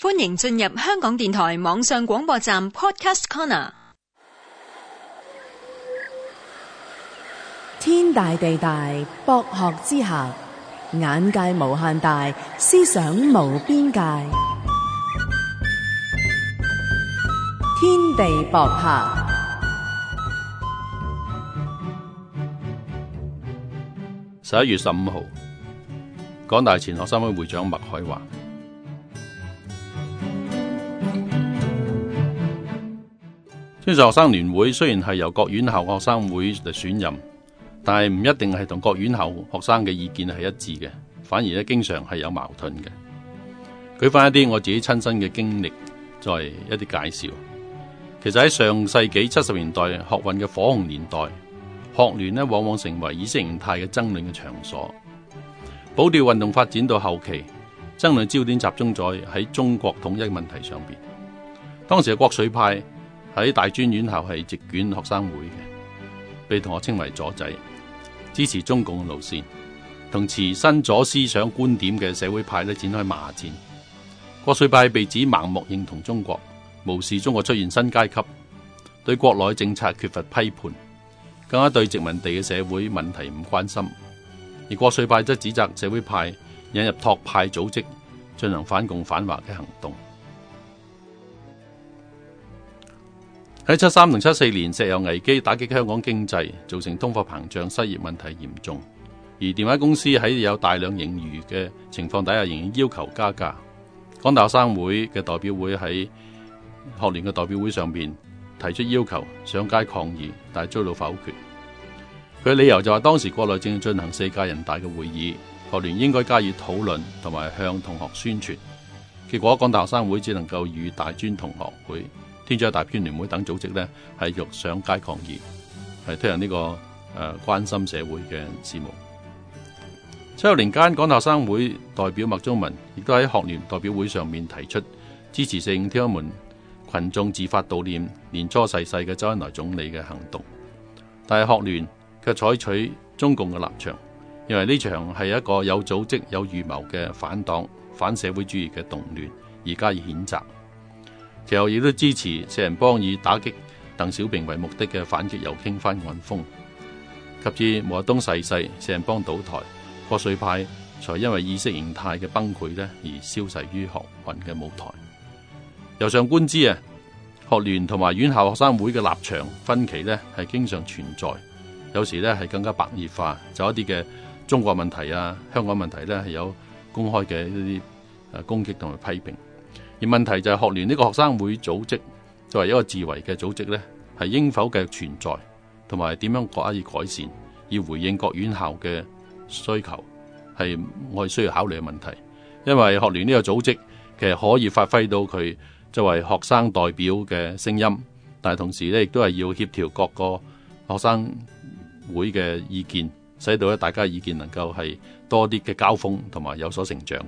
歡迎進入香港電台網上廣播站 Podcast Corner。天大地大，博學之下，眼界無限大，思想無邊界。天地博客。十一月十五號，港大前學生會會長麥海華。雖然學生聯會雖然係由各院校學生會嚟選任，但係唔一定係同各院校學生嘅意見係一致嘅，反而咧經常係有矛盾嘅。舉翻一啲我自己親身嘅經歷，再一啲介紹。其實喺上世紀七十年代學運嘅火紅年代，學聯往往成為意識形態嘅爭論嘅場所。保釣運動發展到後期，爭論焦點集中在喺中國統一問題上面。當時嘅國粹派。喺大專院校係席捲學生會嘅，被同學稱為左仔，支持中共嘅路線，同持新左思想觀點嘅社會派咧展開罵戰。國粹派被指盲目認同中國，無視中國出現新階級，對國內政策缺乏批判，更加對殖民地嘅社會問題唔關心。而國粹派則指責社會派引入托派組織，進行反共反華嘅行動。喺七三同七四年，石油危機，打擊香港經濟，造成通貨膨脹、失業問題嚴重。而電話公司喺有大量盈餘嘅情況底下，仍然要求加價。港大學生會嘅代表會喺學聯嘅代表會上邊提出要求上街抗議，但係遭到否決。佢理由就係當時國內正進行四屆人大嘅會議，學聯應該加以討論同埋向同學宣傳。結果港大學生會只能夠與大專同學會。天主教大專聯會等組織咧，係欲上街抗議，係推行呢、這個誒、呃、關心社會嘅事務。七六年間，港學生會代表麥宗文亦都喺學聯代表會上面提出支持四五天安門群眾自發悼念年初逝世嘅周恩來總理嘅行動，但係學聯卻採取中共嘅立場，認為呢場係一個有組織有預謀嘅反黨反社會主義嘅動亂，而加以譴責。其後亦都支持四人幫以打擊鄧小平為目的嘅反擊右傾翻案風，及至毛澤東逝世，四人幫倒台，國粹派才因為意識形態嘅崩潰咧而消逝於學運嘅舞台。由上觀之啊，學聯同埋院校學生會嘅立場分歧咧係經常存在，有時咧係更加白熱化，就一啲嘅中國問題啊、香港問題咧係有公開嘅一啲誒攻擊同埋批評。而問題就係學聯呢個學生會組織作為一個自衞嘅組織呢係應否嘅存在，同埋點樣可以改善，以回應各院校嘅需求，係我哋需要考慮嘅問題。因為學聯呢個組織其實可以發揮到佢作為學生代表嘅聲音，但係同時呢亦都係要協調各個學生會嘅意見，使到咧大家嘅意見能夠係多啲嘅交鋒，同埋有所成長。